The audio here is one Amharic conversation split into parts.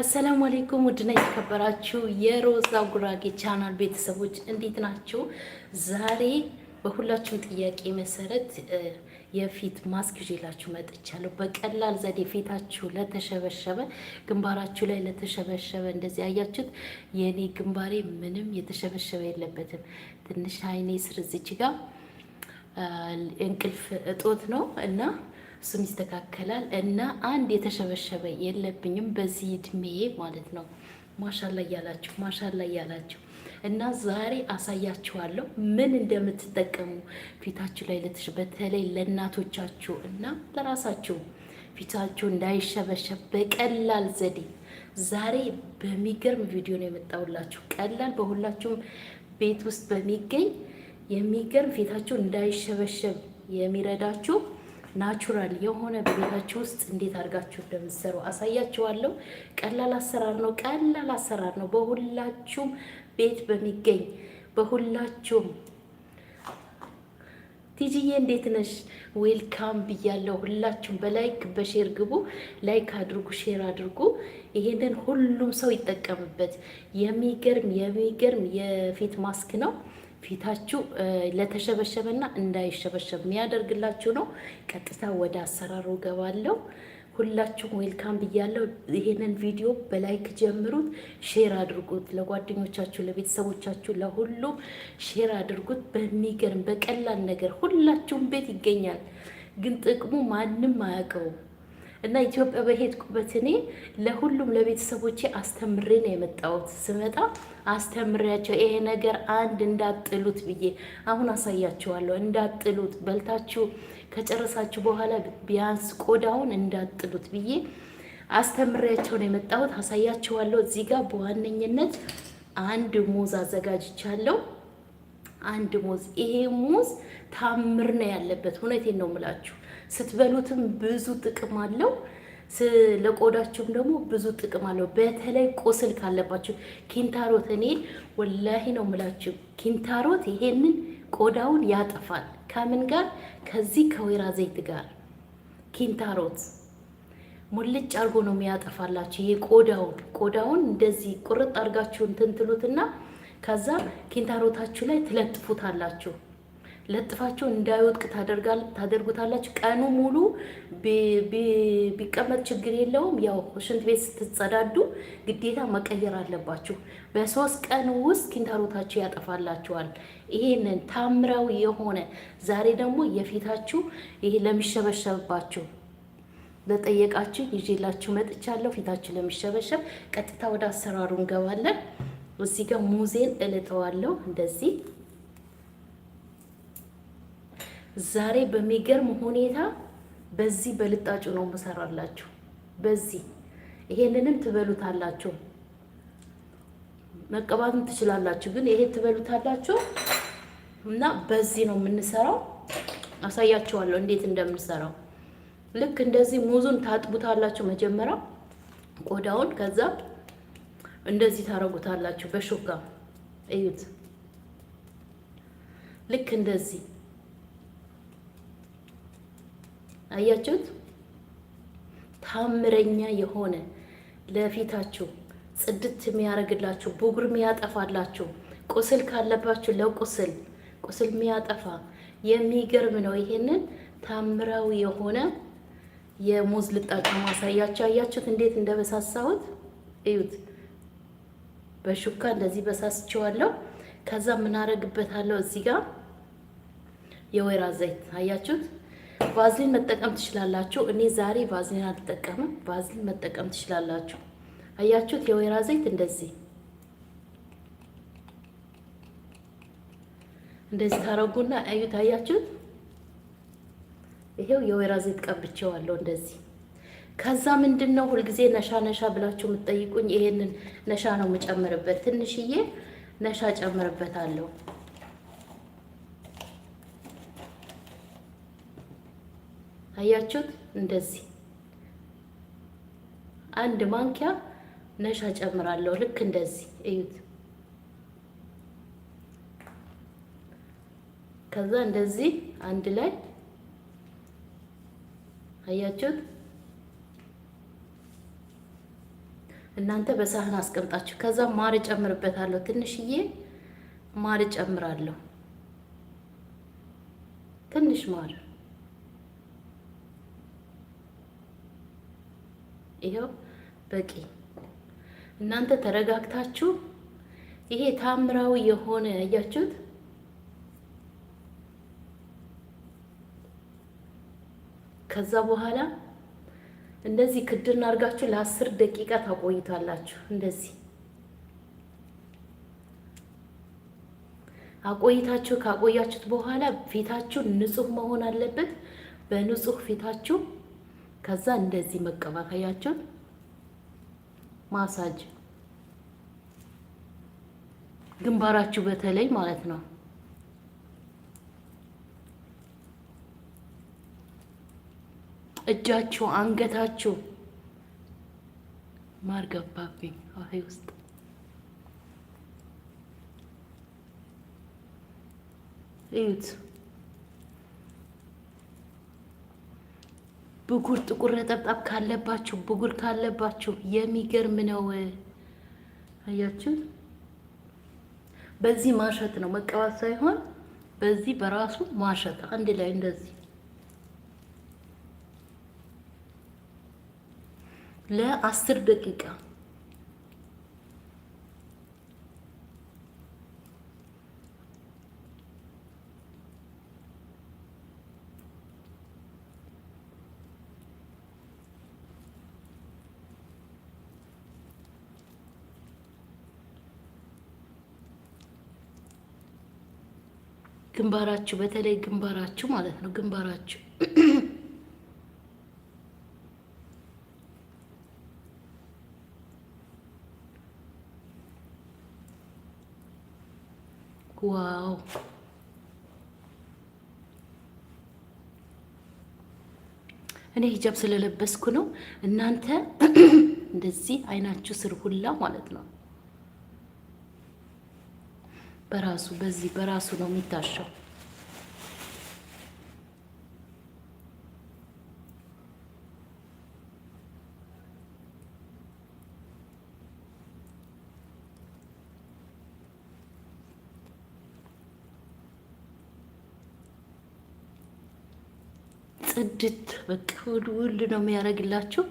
አሰላሙ አሌይኩም ውድና የተከበራችሁ የሮዛ ጉራጌ ቻናል ቤተሰቦች እንዴት ናቸው? ዛሬ በሁላችሁም ጥያቄ መሰረት የፊት ማስክ ይዤላችሁ መጥቻለሁ። በቀላል ዘዴ ፊታችሁ ለተሸበሸበ ግንባራችሁ ላይ ለተሸበሸበ እንደዚህ አያችሁት፣ የእኔ ግንባሬ ምንም የተሸበሸበ የለበትም። ትንሽ አይኔ ስር እዚች ጋር እንቅልፍ እጦት ነው እና እሱም ይስተካከላል እና አንድ የተሸበሸበ የለብኝም በዚህ እድሜ ማለት ነው። ማሻላ እያላችሁ ማሻላ እያላችሁ እና ዛሬ አሳያችኋለሁ ምን እንደምትጠቀሙ ፊታችሁ ላይ ልትሽ በተለይ ለእናቶቻችሁ እና ለራሳችሁ ፊታችሁ እንዳይሸበሸብ በቀላል ዘዴ ዛሬ በሚገርም ቪዲዮ ነው የመጣውላችሁ። ቀላል በሁላችሁም ቤት ውስጥ በሚገኝ የሚገርም ፊታችሁ እንዳይሸበሸብ የሚረዳችሁ ናቹራል የሆነ በቤታችሁ ውስጥ እንዴት አድርጋችሁ እንደምትሰሩ አሳያችኋለሁ። ቀላል አሰራር ነው። ቀላል አሰራር ነው። በሁላችሁም ቤት በሚገኝ በሁላችሁም ቲጂዬ እንዴት ነሽ? ዌልካም ብያለሁ። ሁላችሁም በላይክ በሼር ግቡ። ላይክ አድርጉ፣ ሼር አድርጉ። ይሄንን ሁሉም ሰው ይጠቀምበት። የሚገርም የሚገርም የፊት ማስክ ነው። ፊታችሁ ለተሸበሸበና እንዳይሸበሸብ የሚያደርግላችሁ ነው። ቀጥታ ወደ አሰራሩ ገባለሁ። ሁላችሁም ዌልካም ብያለሁ። ይሄንን ቪዲዮ በላይክ ጀምሩት፣ ሼር አድርጉት ለጓደኞቻችሁ፣ ለቤተሰቦቻችሁ፣ ለሁሉም ሼር አድርጉት። በሚገርም በቀላል ነገር ሁላችሁም ቤት ይገኛል፣ ግን ጥቅሙ ማንም አያውቀውም። እና ኢትዮጵያ በሄድኩበት እኔ ለሁሉም ለቤተሰቦቼ አስተምሬ ነው የመጣሁት። ስመጣ አስተምሬያቸው ይሄ ነገር አንድ እንዳጥሉት ብዬ አሁን አሳያችኋለሁ። እንዳጥሉት በልታችሁ ከጨረሳችሁ በኋላ ቢያንስ ቆዳውን እንዳጥሉት ብዬ አስተምሬያቸው ነው የመጣሁት። አሳያችኋለሁ። እዚህ ጋር በዋነኝነት አንድ ሙዝ አዘጋጅቻለሁ። አንድ ሙዝ ይሄ ሙዝ ታምር ነው ያለበት። እውነቴን ነው የምላችሁ ስትበሉትም ብዙ ጥቅም አለው። ለቆዳችሁም ደግሞ ብዙ ጥቅም አለው። በተለይ ቁስል ካለባችሁ ኪንታሮት፣ እኔ ወላሂ ነው የምላችሁ ኪንታሮት ይሄንን ቆዳውን ያጠፋል። ከምን ጋር? ከዚህ ከወይራ ዘይት ጋር ኪንታሮት ሙልጭ አርጎ ነው የሚያጠፋላችሁ። ይሄ ቆዳውን ቆዳውን እንደዚህ ቁርጥ አርጋችሁ እንትን ትሉትና ከዛ ኪንታሮታችሁ ላይ ትለጥፉታላችሁ። ለጥፋቸው እንዳይወድቅ ታደርጉታላችሁ። ቀኑ ሙሉ ቢቀመጥ ችግር የለውም። ያው ሽንት ቤት ስትጸዳዱ ግዴታ መቀየር አለባችሁ። በሶስት ቀን ውስጥ ኪንታሮታችሁ ያጠፋላችኋል። ይሄንን ታምራዊ የሆነ ዛሬ ደግሞ የፊታችሁ ይሄ ለሚሸበሸብባችሁ ለጠየቃችሁ ይዤላችሁ መጥቻለሁ። ፊታችሁ ለሚሸበሸብ ቀጥታ ወደ አሰራሩ እንገባለን። እዚህ ጋር ሙዜን እልጠዋለሁ እንደዚህ ዛሬ በሚገርም ሁኔታ በዚህ በልጣጩ ነው የምሰራላችሁ። በዚህ ይሄንንም ትበሉታላችሁ፣ መቀባትም ትችላላችሁ። ግን ይሄ ትበሉታላችሁ እና በዚህ ነው የምንሰራው። አሳያችኋለሁ እንዴት እንደምንሰራው። ልክ እንደዚህ ሙዙን ታጥቡታላችሁ መጀመሪያ ቆዳውን፣ ከዛ እንደዚህ ታረጉታላችሁ በሹካ እዩት። ልክ እንደዚህ አያችሁት? ታምረኛ የሆነ ለፊታችሁ ጽድት የሚያደርግላችሁ ቡጉር የሚያጠፋላችሁ ቁስል ካለባችሁ ለቁስል ቁስል የሚያጠፋ የሚገርም ነው። ይሄንን ታምራዊ የሆነ የሙዝ ልጣጭ ማሳያችሁ አያችሁት? እንዴት እንደበሳሳሁት እዩት። በሹካ እንደዚህ በሳስችዋለሁ። ከዛ ምን አደርግበታለሁ? እዚህ ጋር የወይራ ዘይት አያችሁት? ቫዝሊን መጠቀም ትችላላችሁ። እኔ ዛሬ ቫዝሊን አልጠቀምም። ቫዝሊን መጠቀም ትችላላችሁ። አያችሁት? የወይራ ዘይት እንደዚህ እንደዚህ ታረጉና አዩት። አያችሁት? ይሄው የወይራ ዘይት ቀብቼዋለሁ እንደዚህ። ከዛ ምንድን ነው ሁልጊዜ ነሻ ነሻ ብላችሁ የምትጠይቁኝ? ይሄንን ነሻ ነው የምጨምርበት። ትንሽዬ ነሻ ጨምርበታለሁ። አያችሁት? እንደዚህ አንድ ማንኪያ ነሻ ጨምራለሁ። ልክ እንደዚህ እዩት። ከዛ እንደዚህ አንድ ላይ አያችሁት። እናንተ በሳህን አስቀምጣችሁ ከዛ ማር ጨምርበታለሁ። ትንሽዬ ማር ጨምራለሁ። ትንሽ ማር ይሄው በቂ። እናንተ ተረጋግታችሁ ይሄ ታምራዊ የሆነ ያያችሁት ከዛ በኋላ እንደዚህ አርጋችሁ አድርጋችሁ ለአስር ደቂቃ ታቆይታላችሁ። እንደዚህ አቆይታችሁ ካቆያችሁት በኋላ ፊታችሁ ንጹህ መሆን አለበት። በንጹህ ፊታችሁ ከዛ እንደዚህ መቀባከያቸውን ማሳጅ ግንባራችሁ በተለይ ማለት ነው። እጃችሁ፣ አንገታችሁ ማር ገባብኝ አፌ ውስጥ እዩት። ብጉር ጥቁር ነጠብጣብ ካለባችሁ ብጉር ካለባችሁ የሚገርም ነው። አያችሁ፣ በዚህ ማሸት ነው መቀባት ሳይሆን በዚህ በራሱ ማሸት አንድ ላይ እንደዚህ ለአስር ደቂቃ ግንባራችሁ በተለይ ግንባራችሁ ማለት ነው። ግንባራችሁ ዋው እኔ ሂጃብ ስለለበስኩ ነው። እናንተ እንደዚህ አይናችሁ ስር ሁላ ማለት ነው። በራሱ በዚህ በራሱ ነው የሚታሸው። ጽድት በቃ ውል ነው የሚያደርግላችሁ።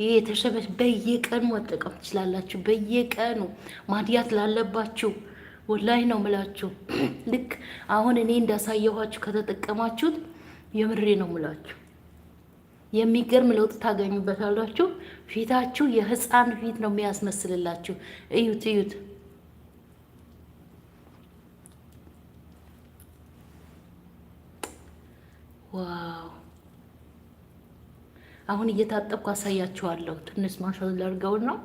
ይህ የተሸበሽ በየቀኑ መጠቀም ትችላላችሁ። በየቀኑ ማድያት ላለባችሁ ወላይ ነው ምላችሁ። ልክ አሁን እኔ እንዳሳየኋችሁ ከተጠቀማችሁት የምሬ ነው ምላችሁ የሚገርም ለውጥ ታገኙበታላችሁ። ፊታችሁ የህፃን ፊት ነው የሚያስመስልላችሁ። እዩት እዩት። ዋው! አሁን እየታጠብኩ አሳያችኋለሁ። ትንሽ ማሻ ላርገውን ነው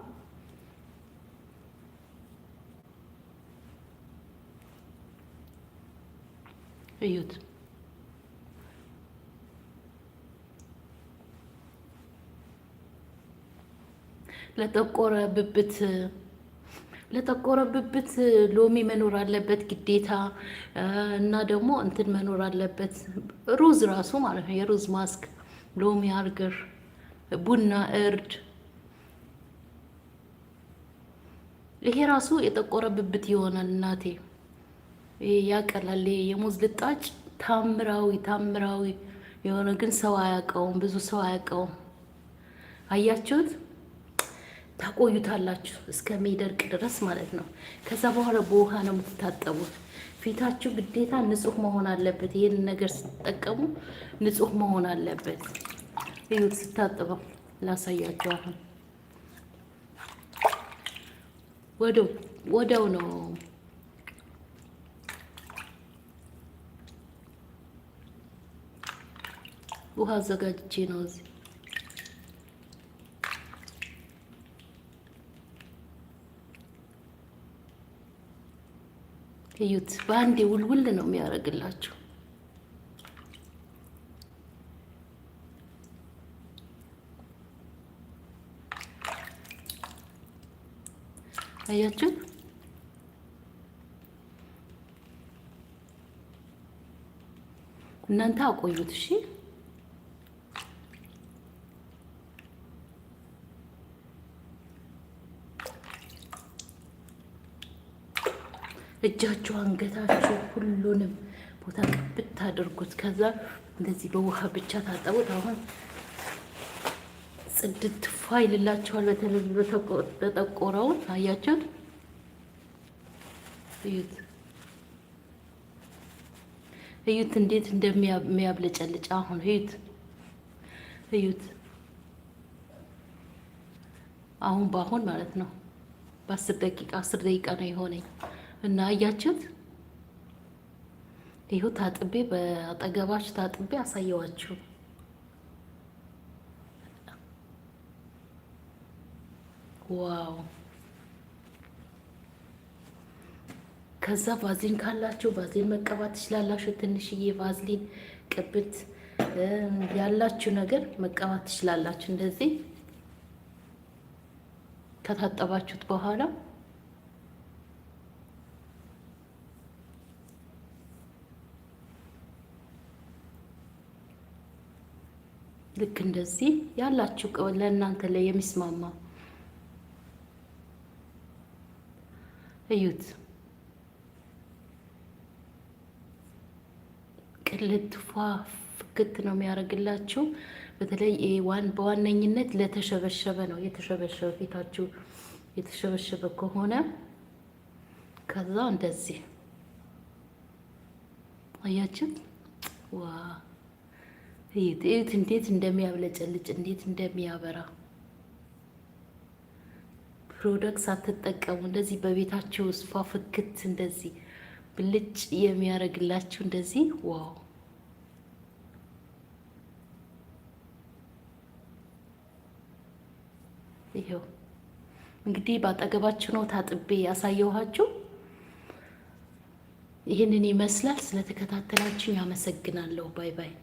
እዩት። ለጠቆረ ብብት ለጠቆረ ብብት ሎሚ መኖር አለበት ግዴታ። እና ደግሞ እንትን መኖር አለበት ሩዝ ራሱ ማለት ነው። የሩዝ ማስክ፣ ሎሚ፣ አርግር፣ ቡና፣ እርድ ይሄ ራሱ የጠቆረ ብብት ይሆናል እናቴ። ያቀላል። የሙዝ ልጣጭ ታምራዊ ታምራዊ የሆነ ግን ሰው አያውቀውም፣ ብዙ ሰው አያውቀውም። አያችሁት? ታቆዩታላችሁ እስከሚደርቅ ድረስ ማለት ነው። ከዛ በኋላ በውሃ ነው የምትታጠቡት። ፊታችሁ ግዴታ ንጹህ መሆን አለበት። ይህን ነገር ስትጠቀሙ ንጹህ መሆን አለበት። እዩት፣ ስታጥበው ላሳያችሁ። አሁን ወደው ወደው ነው ውሃ አዘጋጅቼ ነው እዚህ እዩት። በአንዴ ውልውል ነው የሚያደርግላችሁ። አያችሁ? እናንተ አቆዩት። እሺ እጃችሁ፣ አንገታችሁ ሁሉንም ቦታ ቅብት አድርጉት። ከዛ እንደዚህ በውሃ ብቻ ታጠቡት። አሁን ጽድት ፋ ይልላችኋል። በተለይ በጠቆረውን አያችሁት እዩት እዩት እንዴት እንደሚያብለጨልጭ አሁን እዩት እዩት አሁን በአሁን ማለት ነው በአስር ደቂቃ አስር ደቂቃ ነው የሆነኝ። እና አያችሁት፣ ይሁ ታጥቤ በአጠገባችሁ ታጥቤ አሳየዋችሁ። ዋው! ከዛ ቫዝሊን ካላችሁ ቫዝሊን መቀባት ትችላላችሁ። ትንሽዬ ቫዝሊን ቅብት ያላችሁ ነገር መቀባት ትችላላችሁ። እንደዚህ ከታጠባችሁት በኋላ ልክ እንደዚህ ያላችሁ ለእናንተ ላይ የሚስማማ እዩት። ቅልት ፏ ፍክት ነው የሚያደርግላችሁ። በተለይ በዋነኝነት ለተሸበሸበ ነው። የተሸበሸበ ፊታችሁ የተሸበሸበ ከሆነ ከዛ እንደዚህ አያችሁት ዋ እዩት እዩት፣ እንዴት እንደሚያብለጨልጭ እንዴት እንደሚያበራ ፕሮደክት አትጠቀሙ እንደዚህ በቤታቸው ስፋ ፍክት እንደዚህ ብልጭ የሚያደርግላችሁ እንደዚህ ዋው ይሄው እንግዲህ በአጠገባችሁ ነው። ታጥቤ ያሳየኋችሁ ይህንን ይመስላል። ስለተከታተላችሁ ያመሰግናለሁ። ባይ ባይ።